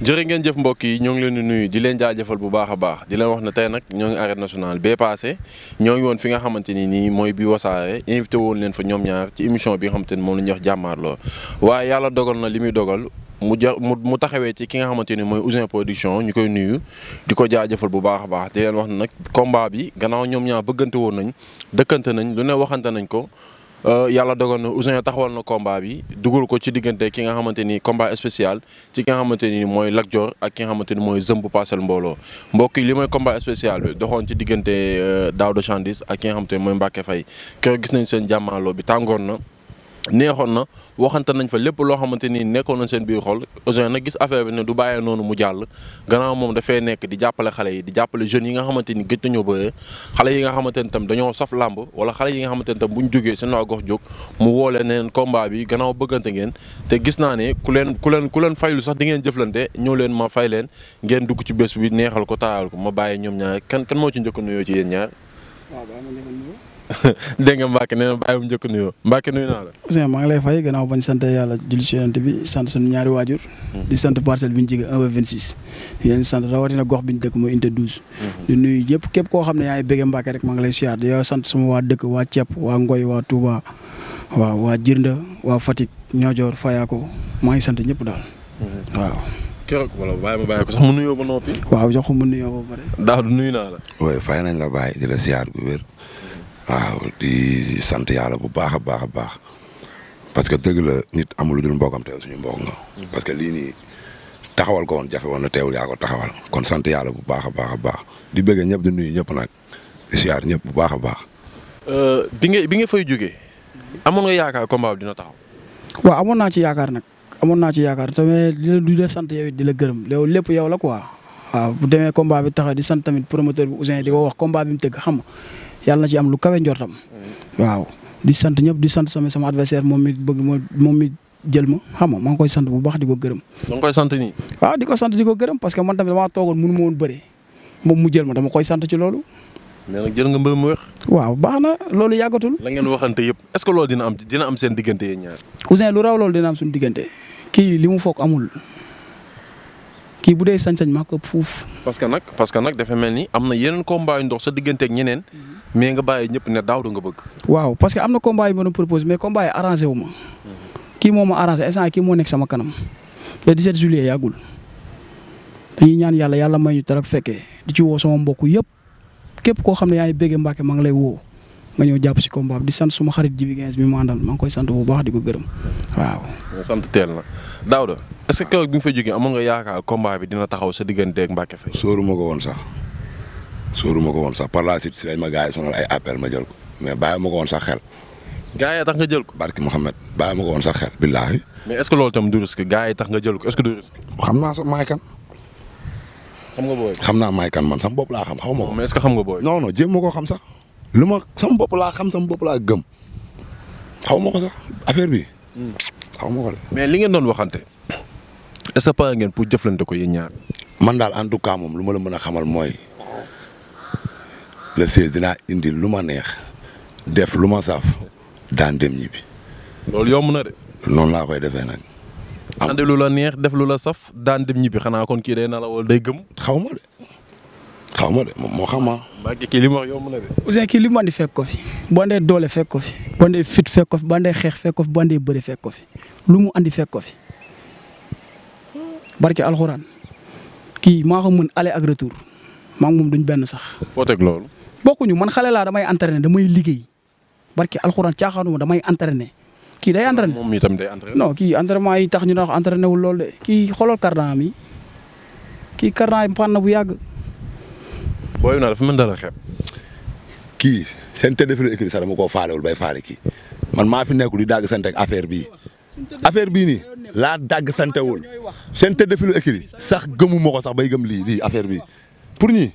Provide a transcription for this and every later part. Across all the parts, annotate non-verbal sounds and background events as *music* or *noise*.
jërë ngeen jëf mbokk yi ñoo ngi leen di nuyu di leen jaajëfal bu baax a baax di leen wax ne tey nag ñoo ngi arène nationale bee passé ñoo ngi nga xamante ni nii mooy bi wasaare invité woon leen fa ñoom ñaar ci émission bi nga xamante ni moom la ñuy waaye yàlla dogal na li muy dogal mu ja mu taxawee ci ki nga xamante ni mooy Ouzin Production ñu koy nuyu di ko jaajëfal bu baax a baax di wax ne nag combat bi gannaaw ñoom ñaar bëggante woon nañ dëkkante nañ lu ne waxante nañ ko Euh, yàlla dogal na Ousin taxawal na komba bi dugal ko ci diggante ki nga xamante ni combat spécial ci ki nga xamante ni mooy Lac Dior ak ki nga xamante mooy Zëmb Parcelles Mbooloo mbokk yi li mooy combat spécial bi doxoon ci diggante euh, Daouda Chandis ak ki nga xamante ni mooy Mbacké Faye keroog gis nañ seen jàmmaarloo bi tàngoon na. neexoon na waxante nañ fa lépp loo xamante ni nekkoon nañ seen biir xol Ouzin na gis affaire bi ne du bàyyee noonu mu jàll gannaaw moom dafay nekk di jàppale xale yi di jàppale jeunes yi nga xamante ni gëj nañoo bëree yi nga xamante ni tam dañoo saf làmb wala xale yi nga xamante ni tam bu ñu jógee seen waa gox jóg mu ne neen combat bi gannaaw bëggante ngeen te gis naa ne ku leen ku leen ku leen faylu sax dingeen jëflante ñëw leen ma fay leen ngeen dugg ci bés bi neexal ko taayal ko ma bàyyi ñoom ñaar kan kan moo ci njëkk nuyoo ci yéen ñaar *laughs* dégg nga Mbacke nee na bàyyi njëkk nuyoo Mbacke nuyu naa la. maa ngi lay fay gannaaw bañ sant yàlla julli si yonent bi sant suñu ñaari waajur. Hmm. di sant parcelle bi ñu jege 1 ba 26. gox bi ñu dëkk hmm. di nuyu yëpp képp koo xam ne yaa ngi bëgg Mbacke rek maa ngi lay siyaar di sant suma waa dëkk waa ceeb waa Ngoy waa waa Jirnda waa Fatick Niodior maa ngi sant ñëpp daal hmm. waaw. keroog wala bàyyi ma ko sax mu nuyoo waaw jox ko mu nuyoo ba pare. daaw la. waaye fay nañ la bàyyi di la siyaar bu wér waaw di sant yàlla bu baax a baax a baax parce que dëgg la nit amul lu dul mbokkam teew suñu mbokk nga. Mm-hmm. parce que lii taxawal ko woon jafe won na teewul yaa ko taxawal kon sant yàlla bu baax a baax a baax di bëgg ñëpp di nuyu ñëpp nag di siyaar ñëpp bu baax a baax. Euh, bi nga bi nga fay jógee amoon nga yaakaar combat bi dina taxaw. waaw amoon na ci yaakaar nag amoon naa ci yaakaar tamit di la du la sant yow it di la gërëm yow lépp yow la quoi waaw bu demee combat bi taxaw di sant tamit promoteur bi Ousin di ko wax xam nga yàlla na ci am lu kawe njortam. waaw di sant ñëpp di sant sama sama adversaire moom mi bëgg ma moom mi jël ma xam nga maa ngi koy sant bu baax di ko gërëm. maa ngi koy sant nii. waaw di ko sant di ko gërëm parce que man tamit damaa toogoon mënu ma woon bëre moom mu jël ma dama koy sant ci loolu. mais jël nga mbër mu weex. waaw baax na loolu yàggatul. la ngeen waxante yëpp est ce que loolu dina am dina am seen diggante yéen ñaar. Ouzin lu raw loolu dina am suñu diggante kii li mu foog amul kii bu dee sañ-sañ maa ko fuuf. parce que nag parce que nag dafa mel ni am na yeneen combat yu ndox sa diggante ak ñeneen mhm. mais nga bàyyi ñëpp ne daaw du nga bëgg. waaw parce que am na combat yu ma doon proposé mais combat yi arrangé mhm. kii moo ma arrangé instant kii moo nekk sama kanam le 17 juillet yàggul dañuy ñaan yàlla yàlla may ñu dara fekkee di ci woo sama mbokk yëpp képp koo xam ne yaa ngi béggee Mbàkke maa ngi lay woo nga ñëw jàpp si combat bi di sant suma xarit Jibi Gens bi mu àndal maa ngi koy sant bu baax di ko gërëm waaw. sant teel na Daouda est-ce que keroog bi nga fa jógee amoon nga yaakaar combat bi dina taxaw sa digganteeg Mbacké Faye. sóoru ma ko woon sax sóoru ma la suite si lañ ma gars yi sonal ay appel ma jël ko mais baay ma woon sax xel. gaa yi tax nga jël ko. barki Mouhamed bàyyi ma ko woon sax xel. billaahi. mais est-ce que loolu tam du risque gaa yi tax nga jël ko est-ce que du risque. xam naa xam nga booy. xam naa maay man sama bopp laa xam xaw ma ko. mais est-ce que xam nga booy. non non jéem ma sax. lu ma sama bopp laa xam sama bopp laa gëm. xaw ma ko sax affaire bi. Hmm. xaw ma ko de. mais li ngeen doon waxante. est-ce que pare ngeen pour jëflante ko yéen ñaar. man daal en tout cas moom lu ma la mën a xamal mooy le 16 dinaa indi lu ma neex def lu ma saaf daan loolu yomb na de. noonu laa koy defee nag. am andi neex def lu la saf daan dem ñibbi xanaa kon kii day nalaw day gëm. xaw ma de xaw ma de moom moo xam ah. Mbacke kii li mu wax yomb na de. kii li mu andi fekk ko fi boo andee doole fekk ko fi boo andee fit fekk ko fi boo xeex fekk ko fi boo andee bëri fekk ko fi lu mu andi fekk ko fi. bari barke alxuraan kii maa ko mën aller ak maa ngi moom duñ benn sax. foo teg bokkuñu man xale laa damay entraîné damay liggéey barke alxuraan caaxaanuma damay entraîné kii day entraîné. moom itam day entraîné. non kii entraînement yi tax ñu doon wax entraîné wul loolu de. kii xoolal cardan mi kii cardan yi na bu yàgg. booy naa dafa mën kii seen tëdd fi la écrit sax dama koo bay faale kii man maa fi nekkul di dagg seen teg affaire bi affaire bii nii laa dàgg santewul seen tëdd fi lu écrit sax gëmuma ko sax bay gëm lii lii affaire bi pour ñi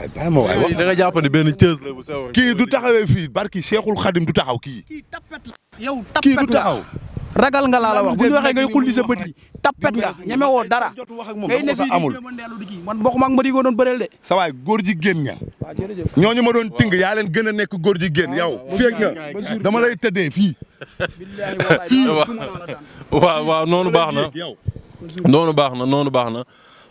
ay bàyyi ma waay wax da nga benn cës la bu sew kii du taxawee fii barki Cheikhul Khadim du taxaw kii kii du taxaw ragal nga laa la wax bu ñu waxee ngay xulli sa bët yi tappet nga ñeme woo dara ngay ne sa amul man bokkuma ak ma di ko doon bëreel de sa waay góor ji génn nga ñooñu ma doon ting yaa leen gën a nekk góor ji génn yow feeg nga dama lay tëddee fii fii waaw waaw noonu baax na noonu baax na noonu baax na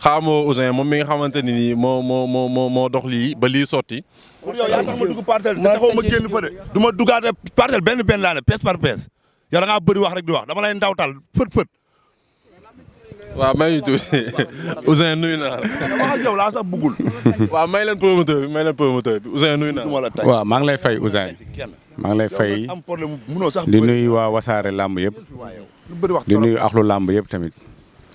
xaamoo Ouzin moom mi nga xamante ni nii moo moo moo moo dox lii ba lii sotti. pour yow yaa ma dugg parcelle ma génn fa de. du ma duggaat parcelle benn benn laa ne par pes yow da ngaa wax rek di wax dama lay ndawtal fët fët. waaw may ñu tuuti Ouzin nuyu naa la. wax ak yow laa sax bëggul. waaw may leen promoteur bi may leen promoteur bi Ouzin nuyu naa la. waaw maa ngi lay fay Ouzin maa ngi lay fay di nuyu waa wasaare làmb yëpp di nuyu axlu làmb yëpp tamit.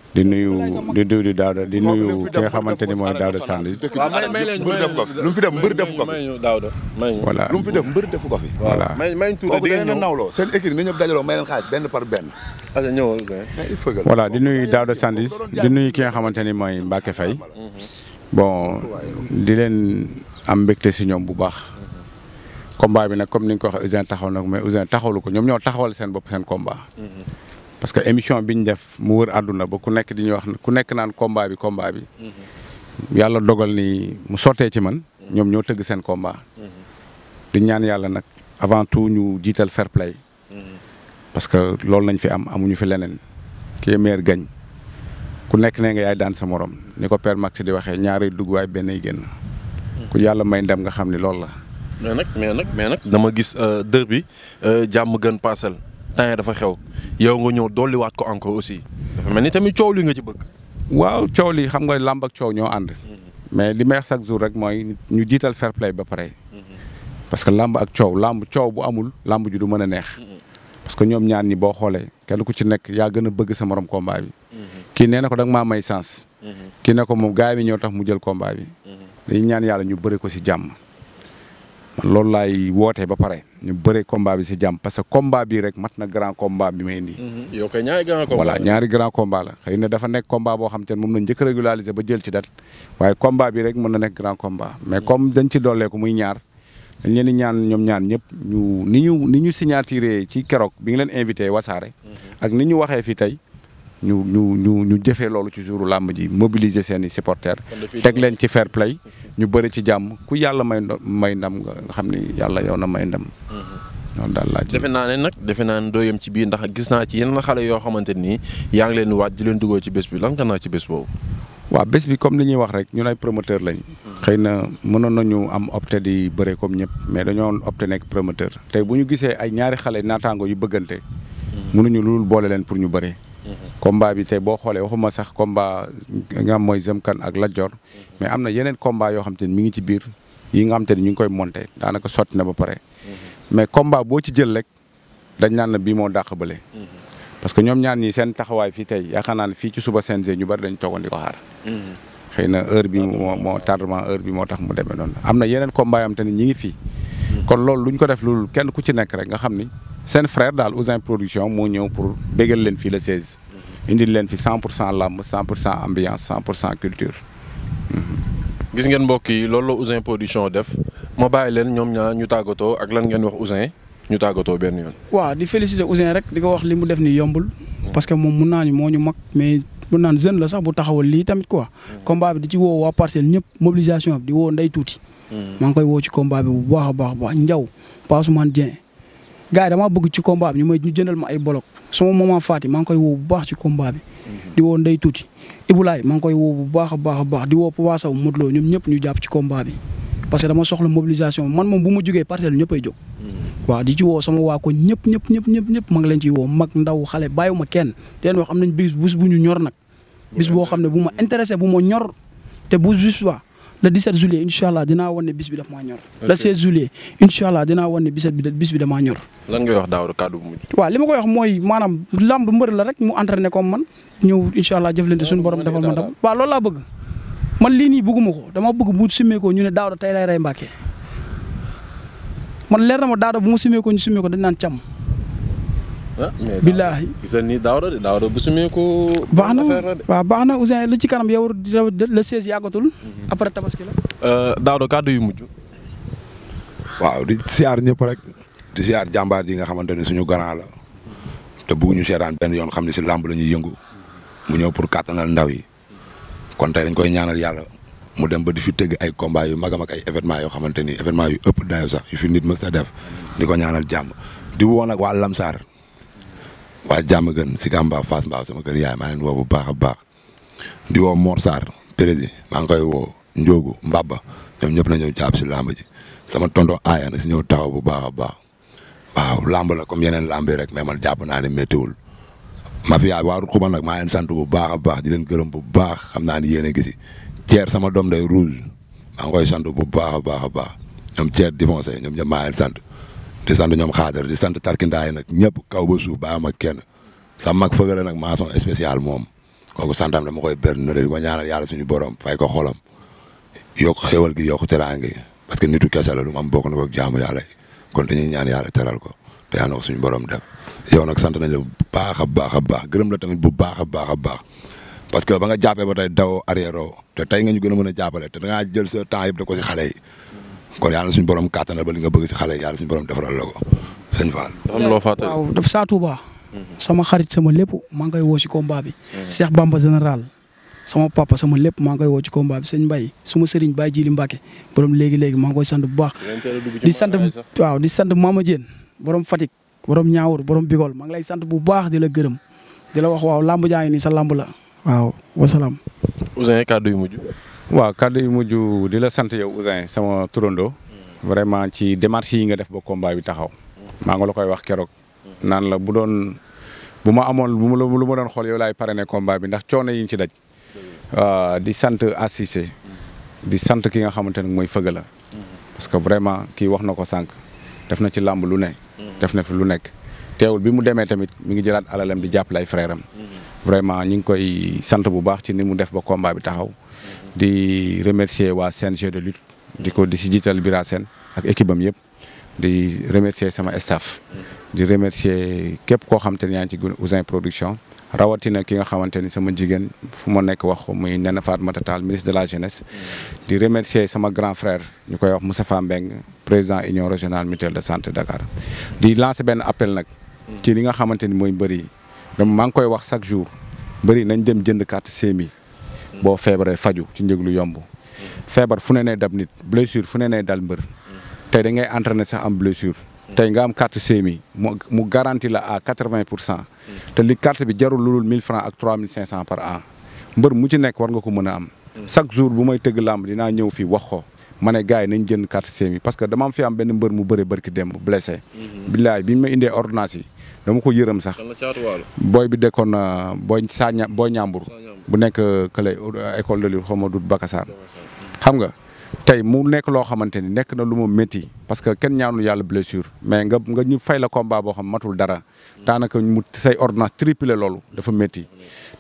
di nuyu di nuyu Daouda di nuyu ki nga xamante ni mooy Daouda Sandwich. lu fi def mbër def ko fi. voilà lu mu fi def ko fi. voilà may may ñu tuuti dangeen a nawloo seen équipe na ñëpp dajaloo may leen di nuyu Daouda Sandwich di nuyu ki nga xamante ni mooy Mbacke Faye bon di leen am mbégte si ñoom bu baax. combat bi nag comme ni ko waxee Ouzin taxaw nag mais Ouzin taxawlu ko ñoom ñoo taxawal seen bopp seen combat. parce que émission bi ñu def mu wër àdduna ba ku nekk di ñuy wax ku nekk naan combat bi combat bi. Mm-hmm. yàlla dogal ni mu sottee ci man. Mm-hmm. ñoom ñoo tëgg seen combat. Mm-hmm. di ñaan yàlla nag avant tout ñu jiital fair play. parce que loolu lañ fi am amuñu fi leneen. kii meer gañ ku nekk nee nga yaay daan sa morom ni ko père di waxee ñaari dugg waay benn yi génn. ku yàlla may ndam nga xam ni loolu la. mais nag mais nag mais nag dama gis euh, dër bi euh, jàmm gën parcelle. terrain dafa xew yow nga ñëw dolliwaat ko encore aussi dafa mel ni tamit coow li nga ci bëgg. waaw coow lii xam nga làmb ak coow ñoo ànd. Mm-hmm. mais li may wax chaque jour rek mooy ñu jiital fair play ba pare. Mm-hmm. parce que làmb ak coow làmb coow bu amul làmb ji du mën a neex. Mm-hmm. parce que ñoom ñaan ñi boo xoolee kenn ku ci nekk yaa gën a bëgg sa moroom combat bi. kii nee na ko da maa may sens. ki ne ko moom gars yi ñoo tax mu jël combat bi. dañuy ñaan yàlla ñu bëri ko si jàmm. man loolu laay woote ba pare ñu bëre combat bi si jàmm parce que combat bii rek mat na grand combat bi ma indi. Mhm. yow ñaari grand combat voilà ñaari grand la xëy na dafa nekk combat boo xam te ne moom la njëkk régulariser ba jël ci dal waaye combat bi rek mën na nekk grand combat mais mhm. comme dañ ci dooleeku muy ñaar dañ leen di ñaan ñoom ñaan ñëpp ñu ni ñu ni ñu signaturé ci keroog bi nga leen invité wasaare. Mhm. ak ni ñu waxee fii tey. ñu ñu ñu ñu jëfee loolu ci jouru làmb ji mobiliser seen i supporters teg leen ci fair play ñu bëri ci jàmm ku yàlla may may ndam nga xam ni yàlla yow na may ndam. Mm-hmm. loolu daal laa defe naa ne nag defe naa ne dooyam ci biir ndax gis naa ci yenn xale yoo xamante nii yaa ngi leen waaj di leen duggoo ci bés bi lan nga naa ci bés boobu. waaw bés bi comme li ñuy wax rek ñun ay promoteur lañ. Mm-hmm. xëy na mënoon nañu am opté di bëre comme ñëpp mais dañoo opté nekk promoteur. tey bu ñu gisee ay ñaari xale naataango yu bëggante. Mm-hmm. mënuñu lu boole leen pour ñu bëree. combat bi tey boo xoolee waxuma sax combat am mooy Zem Kane ak Lat Dior mais am na yeneen combat yoo xam ni mi ngi ci biir yi nga xam te ni ñu ngi koy monté daanaka sotti na ba pare mais combat boo ci jël rek dañ naan bii moo dàq bële parce que ñoom ñaar ñii seen taxawaay fii tey yaakaar naa ne fii ci suba CNG ñu bari dañ toogoon di ko xaar xëy na heure bi moo moo tardement heure bi moo tax mu demee noonu am na yeneen combat yoo xam te ngi fii kon loolu luñ ko def loolu kenn ku ci nekk rek nga xam ni seen frère daal Ouzin Production moo ñëw pour bégal leen fii la 16 indil leen fi 100 pour cent làmb 100 pour cent ambiance 100 pour cent culture. gis ngeen mbokk yi loolu la Ouzin Production def ma bàyyi leen ñoom ñaa ñu tàggatoo ak lan ngeen wax Ouzin ñu tàggatoo benn yoon. waaw di féliciter Ouzin rek di ko wax li mu def ni yombul. parce que moom mun naa ni moo ñu mag mais mun naan jeune la sax bu taxawal lii tamit quoi. combat bi di ci woo waa parcelle ñëpp mobilisation bi di woo nday tuuti. Hmm. maa ngi koy woo ci combat bi bu baax a baax a baax Ndiaw Pa Ousmane Dieng gars yi damaa bëgg ci combat bi ñu may ñu jëndal ma ay bolok sama maman Fati maa ngi koy woo bu baax ci combat bi. Mhm. di woo Ndeye Tuuti Ibulaay maa ngi koy woo bu baax baax a baax di woo Papa Sow Modou Lo ñoom ñëpp ñu jàpp ci combat bi. parce que dama mobilisation man moom bu ma jógee parcelle bi ñëppay jóg. Mhm. waaw di ci sama waa ko ñëpp ñëpp ñëpp ñëpp ñëpp maa ngi leen ciy woo mag ndaw xale bàyyiwuma kenn di leen wax am nañ bis bés bu ñu ñor nag. bis boo xam ne bu ma mhm. intéressé bu ma ñor te bu bis le 17 juillet incha allah dinaa wan ne bis bi daf maa ñor. le 16 juillet incha allah dinaa wan bis bi bis bi damaa ñor. lan ngay wax Daouda kàddu bu mujj. waaw li ma koy wax mooy maanaam lamb mbër la rek mu entraîné comme man ñëw incha allah jëflante suñu borom defal ma ndam. waaw loolu laa bëgg man lii nii bëgguma ko dama bëgg bu simmee ñu ne Daouda tey lay rey Mbàkke man leer na ma Daouda bu mu simmee ko ñu simmee ko dañ naan càmm. Ah, billaahi gisal ni daawda de daawda bu sumee ko baax na waaw baax na Ouzin lu ci kanam yow le 16 yàggatul mhm. après tabaski la euh, daawda yu mujj waaw di siyaar ñëpp rek di siyaar jàmbaar ji nga xamante ne suñu grand la te bëgguñu seetaan benn yoon xam ne si làmb la ñuy yëngu mu ñëw pour kàttanal ndaw yi kon tey dañ koy ñaanal yàlla mu dem ba di fi tëgg ay combat yu mag a mag ay événement yoo xamante ni événement yu ëpp dayo sax yu fi nit mës a def di ko ñaanal jàmm di woon ak waa Lamsaar waa jàmm gën si Kamba Fass Mbao sama kër yaay maa leen woo bu baax a baax di woo Mor Sarr président maa ngi koy woo Ndiogu Mbaba ñoom ñëpp na ñëw jàpp si làmb ji sama tondo aaya na si ñëw taxaw bu baax a baax waaw làmb la comme yeneen làmb yi rek mais man jàpp naa ne méttiwul mafia bi waaru xuban nag maa leen sant bu baax a baax di leen gërëm bu baax xam naa ni yéen a gisi ceer sama doom day rouge maa ngi bu baax a baax a baax ñoom ceer défoncé ñoom ñëpp maa sant di sant ñoom xaadar di sant tarkindaay nag ñëpp kaw ba suuf baa ma kenn sa mag fëgëra nag maçon spécial moom kooku santam dama koy ber nëré di ko ñaanal yàlla suñu borom fay ko xolam yokk xéwal gi yokk teraange parce que nitu kese la lu mu am bokk na ko jaamu yàlla kon dañuy ñaan a teral ko te yàlla na ko suñu borom def yow nag sant nañ la bu baax a baax a baax gërëm la tamit bu baax a baax a baax parce que ba nga jàppee ba tey daw arrière te tey nga gën mën a jàppale te da ngaa jël sa temps yëpp kon yàlla suñ borom kàttanal ba li nga bëgg ci xale yàlla suñu borom defaral la ko sëñ Fall. am loo daf saa Touba. Mm-hmm. sama xarit sama lépp maa ngi koy woo ci combat bi. Mm-hmm. Cheikh Bamba général sama papa sama lépp maa ngi koy woo ci combat bi sëñ Mbaye suma sëriñ Baye Jili Mbacke borom léegi léegi maa ngi koy sant bu baax. di sant waaw di sant Mama Diène borom Fatick borom Ñaawur borom Bigol maa ngi lay sant bu baax di la gërëm di la wax waaw lamb jaa ngi nii sa lamb la waaw wasalaam. Ouzin waaw kàddu yu mujj di la sant yow Ouzin sama turandoo vraiment ci démarche yi nga def ba combat bi taxaw maa nga la koy wax keroog naan la bu doon bu ma amoon bu ma lu ma doon xool yow laay parrainé combat bi ndax coono yi ñu ci daj di sant Assise di sant ki nga xamante ne mooy fëgg la parce que vraiment kii wax na ko sànq def na ci làmb lu ne def na fi lu nekk teewul bi mu demee tamit mu ngi jëlaat alalam di jàppale ay frères am vraiment ñu ngi koy sant bu baax ci ni mu def ba combat bi taxaw di remercier waa CNG de lutte di ko di si jiital Bira Sène ak équipe am yëpp di remercier sama staff di remercier képp koo xam te ne yaa ngi ci Ouzin Production rawatina ki nga xamante ni sama jigéen fu ma nekk wax muy Néné Fatoumata Tall ministre de la jeunesse di remercier sama grand frère ñu koy wax Moustapha Mbeng président union régionale mutuelle de santé Dakar di lancer benn appel nag ci li nga xamante ni mooy mbër dama maa ngi koy wax chaque jour bëri nañ dem jënd carte CMI boo feebaree faju ci njëglu yomb feebar fu ne nee dab nit blessure fu ne nee dal mbër tey da ngay entraîné sax am blessure tey nga am carte CMI mu mu la à quatre-vingt pour cent te li carte bi jarul lulul mille francs ak trois mille cinq cent par an mbër mu ci nekk war nga ko mën a am chaque jour bu may tëgg làmb dinaa ñëw fii wax ko ma ne gars yi nañ jënd carte CMI parce que dama am fi am benn mbër mu bëre bërki dem blessé mhm. billaay bi ma indee ordonnance yi dama ko yërëm sax booy bi dekkoon booy boo ña booy ñaambur bu nekk kële école de lutte xaw ma dut Bakassar hmm. xam nga tey mu nekk loo xamante ni nekk na lu moom métti parce que kenn ñaanu yàlla blessure mais nga nga ñu fay la combat boo xam matul dara daanaka mu say ordonnance triplé loolu dafa métti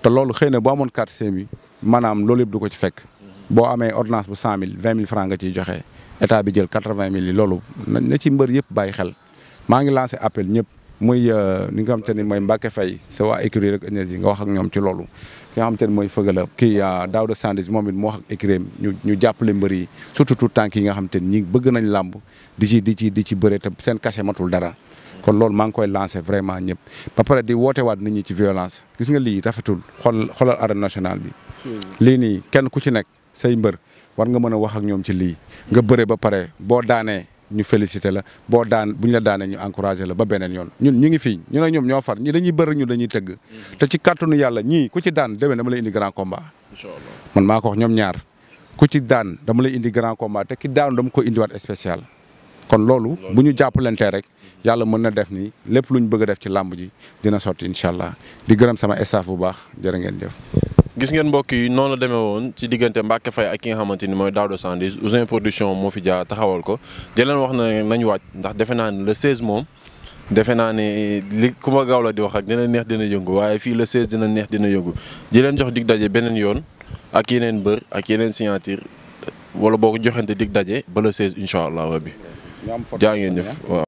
te loolu xëy na boo amoon carte bi maanaam loolu yëpp du ko ci fekk hmm. boo amee ordonnance bu cent mille vingt mille franc nga ciy joxe état bi jël quatre vingt mille yi loolu na ci mbër yëpp bàyyi xel maa ngi lancé appel ñëpp. muy euh, ni nga xam te ne mooy Mbacke Faye sa waa écurie rek énergie nga wax ak ñoom ci loolu ki nga xam te ne mooy Fëgala kii euh, Daouda Sandis moom it mu wax ak ñu ñu jàppale mbër yi surtout tout tànk yi nga xam te ni ñi bëgg nañ làmb di ci di ci di ci bëree te seen cachet matul dara kon loolu maa ngi koy lancé vraiment ñëpp ba pare di wootewaat nit ñi ci violence gis nga lii rafetul xol xolal arène nationale bi hmm. lii nii kenn ku ci nekk say mbër war nga mën a wax ak ñoom ci lii nga bëre ba pare boo daanee ñu félicité la boo daan bu ñu la daanee ñu encouragé la ba beneen yoon ñun ñu ngi fii ñu ne ñoom ñoo far ñi dañuy bëri ñu dañuy tëgg te ci kàttanu yàlla ñii ku ci daan demee dama lay indi grand combat man maa ko ñoom ñaar ku ci daan dama lay indi grand combat te ki daanu dama ko indiwaat spécial kon loolu bu ñu jàppalantee rek yàlla mën na def nii lépp lu ñu bëgg a def ci làmb ji dina sotti incha allah di gërëm sama staff bu baax jërë ngeen jëf gis ngeen mbokk yi noonu demee woon ci diggante Mbacke Faye ak ki nga xamante ni mooy Daouda Sandwich Ouzin production moo fi jaar taxawal ko di leen wax na nañu waaj ndax defe naa ne le 16 moom defe naa ne li ku ma gaaw la di wax ak dina neex dina yëngu waaye fii le 16 dina neex dina yëngu di leen jox dig daje beneen yoon ak yeneen bër ak yeneen signature wala boo ko joxante dig daje ba le 16 incha allah rabbi jaa ngeen jëf waaw